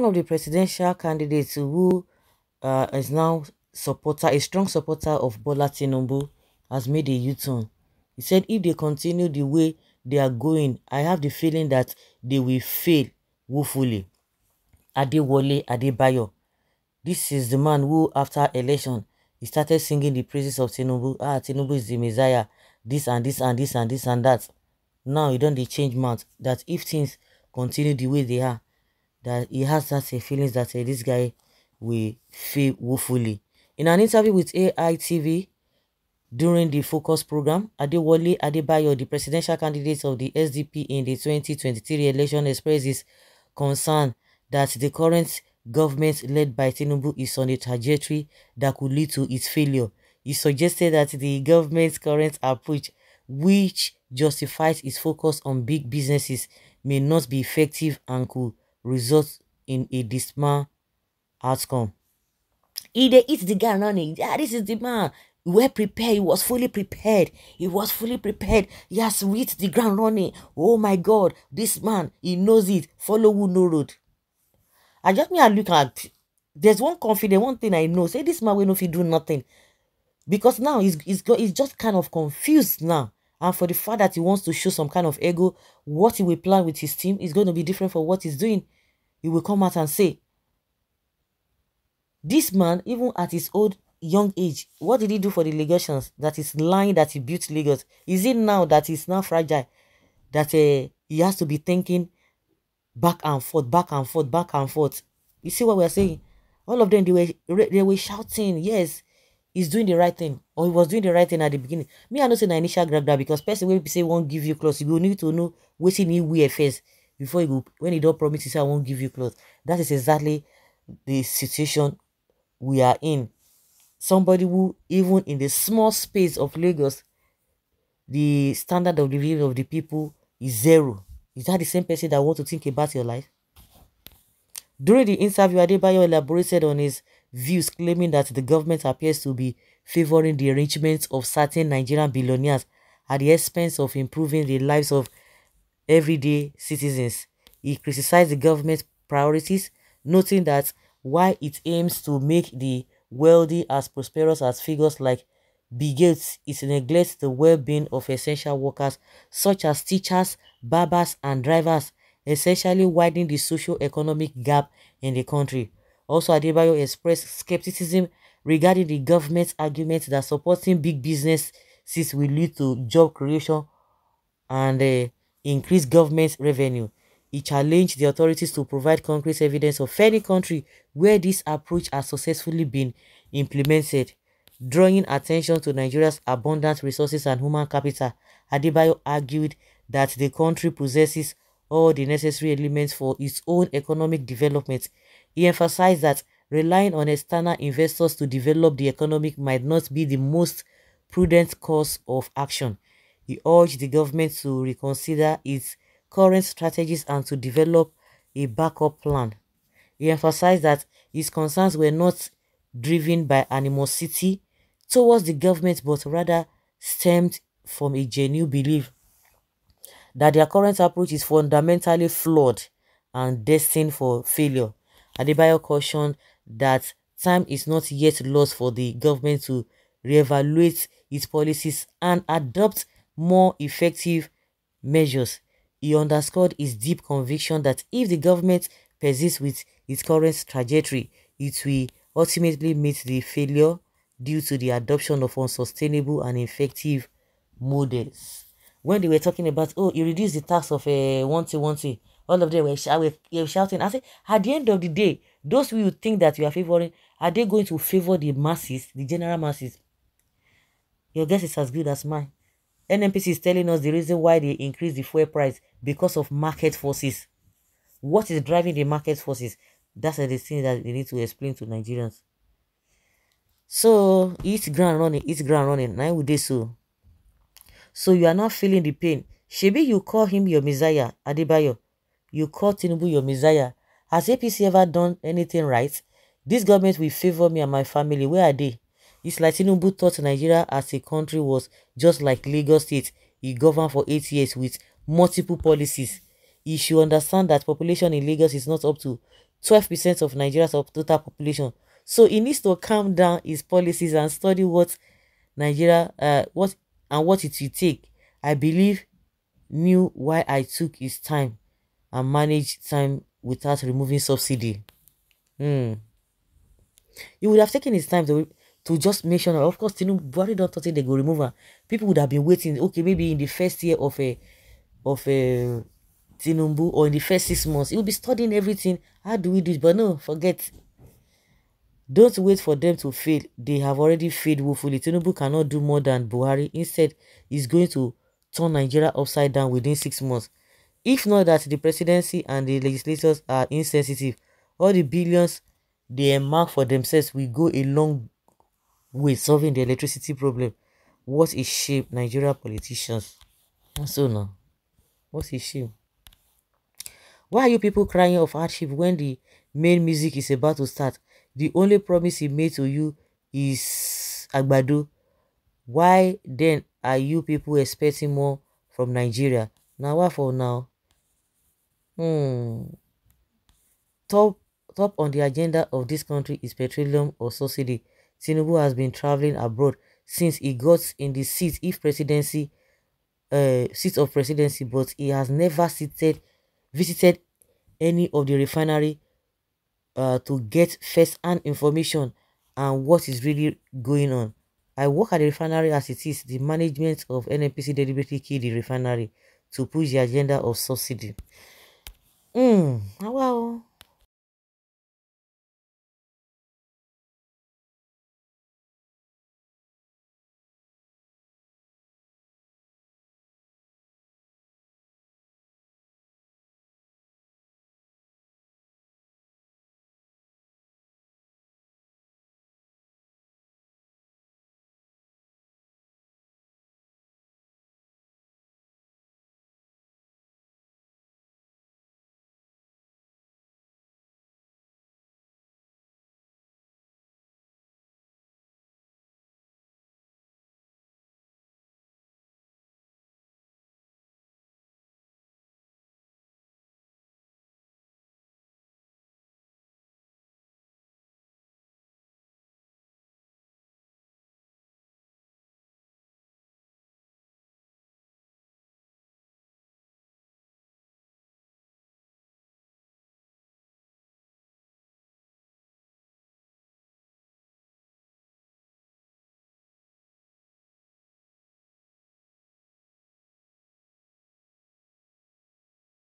one of the presidential candidates who uh, is now supporter, a strong supporter of Bola Tinubu, has made a U-turn. He said, if they continue the way they are going, I have the feeling that they will fail woefully. Adewale Adebayo. This is the man who, after election, he started singing the praises of Tinubu. Ah, Tinubu is the Messiah. This and this and this and this and that. Now he don't change mouth that if things continue the way they are, that he has that feelings that uh, this guy will fail woefully. In an interview with AITV during the Focus program, Adewale Adebayo, the presidential candidate of the SDP in the 2023 election, expressed his concern that the current government led by Tinubu is on a trajectory that could lead to its failure. He suggested that the government's current approach, which justifies its focus on big businesses, may not be effective and could results in a dismal outcome. If they eat the guy running, yeah, this is the man. Well prepared, he was fully prepared. He was fully prepared. Yes, with the ground running. Oh my God, this man, he knows it. Follow who no road. I just me I look at there's one confident one thing I know. Say this man will not do nothing. Because now he's, got he's just kind of confused now and for the fact that he wants to show some kind of ego, what he will plan with his team is going to be different from what he's doing. He will come out and say, this man, even at his old young age, what did he do for the legations? That is lying that he built Lagos. Is it now that he's now fragile? That uh, he has to be thinking back and forth, back and forth, back and forth. You see what we're saying? All of them, they were, they were shouting, yes, he's doing the right thing or he was doing the right thing at the beginning. Me, I know say na initial grab grab because person wey say won't give you clothes, you will need to know wetin he wear first before he go when he don't promise he say I won't give you clothes. That is exactly the situation we are in. Somebody who even in the small space of Lagos, the standard of living of the people is zero. Is that the same person that want to think about your life? During the interview, Adebayo elaborated on his views claiming that the government appears to be favoring the enrichment of certain Nigerian billionaires at the expense of improving the lives of everyday citizens. He criticized the government's priorities, noting that while it aims to make the wealthy as prosperous as figures like Bill Gates, it neglects the well-being of essential workers such as teachers, barbers, and drivers, essentially widening the socio-economic gap in the country. Also, Adebayo expressed skepticism regarding the government's argument that supporting big businesses will lead to job creation and uh, increase government revenue. He challenged the authorities to provide concrete evidence of any country where this approach has successfully been implemented. Drawing attention to Nigeria's abundant resources and human capital, Adebayo argued that the country possesses all the necessary elements for its own economic development he emphasized that relying on external investors to develop the economy might not be the most prudent course of action. He urged the government to reconsider its current strategies and to develop a backup plan. He emphasized that his concerns were not driven by animosity towards the government but rather stemmed from a genuine belief that their current approach is fundamentally flawed and destined for failure. Adebayo cautioned that time is not yet lost for the government to reevaluate its policies and adopt more effective measures. He underscored his deep conviction that if the government persists with its current trajectory, it will ultimately meet the failure due to the adoption of unsustainable and effective models when they were talking about, oh, you reduce the tax of a uh, eh, one to one to, all of them were, sh- were shouting. I say at the end of the day, those who think that you are favoring, are they going to favor the masses, the general masses? Your guess is as good as mine. NMPC is telling us the reason why they increase the fuel price because of market forces. What is driving the market forces? That's the thing that they need to explain to Nigerians. So, each ground running, each ground running. Now we do so. So you are not feeling the pain. Shebi, you call him your Messiah, Adebayo. You call Tinubu your Messiah. Has APC ever done anything right? This government will favor me and my family. Where are they? It's like Tinubu thought Nigeria as a country was just like Lagos State. He governed for eight years with multiple policies. You should understand that population in Lagos is not up to 12% of Nigeria's total population. So he needs to calm down his policies and study what Nigeria, uh, what and what it will take, I believe knew why I took his time and managed time without removing subsidy. Hmm. You would have taken his time to, to just make sure. Of course, Tinubu Buhari don't think they go remove her. People would have been waiting. Okay, maybe in the first year of a eh, of a eh, Tinubu or in the first six months, he will be studying everything. How do we do it? But no, forget Don't wait for them to fail. They have already failed woefully. Tinubu cannot do more than Buhari. Instead, he's going to turn Nigeria upside down within six months. If not that the presidency and the legislators are insensitive, all the billions they earmark for themselves will go a long way solving the electricity problem. What a shame, Nigeria politicians? So now, what is shame? Why are you people crying of hardship when the main music is about to start? The only promise he made to you is Agbado. Why then are you people expecting more from Nigeria? Now what for now? Hmm. Top top on the agenda of this country is petroleum or subsidy. Tinubu has been traveling abroad since he got in the seat if presidency uh, seat of presidency, but he has never seated, visited any of the refinery uh, to get first-hand information and what is really going on. I work at the refinery as it is. The management of NNPC deliberately killed the refinery to push the agenda of subsidy. Mm, ah, wow.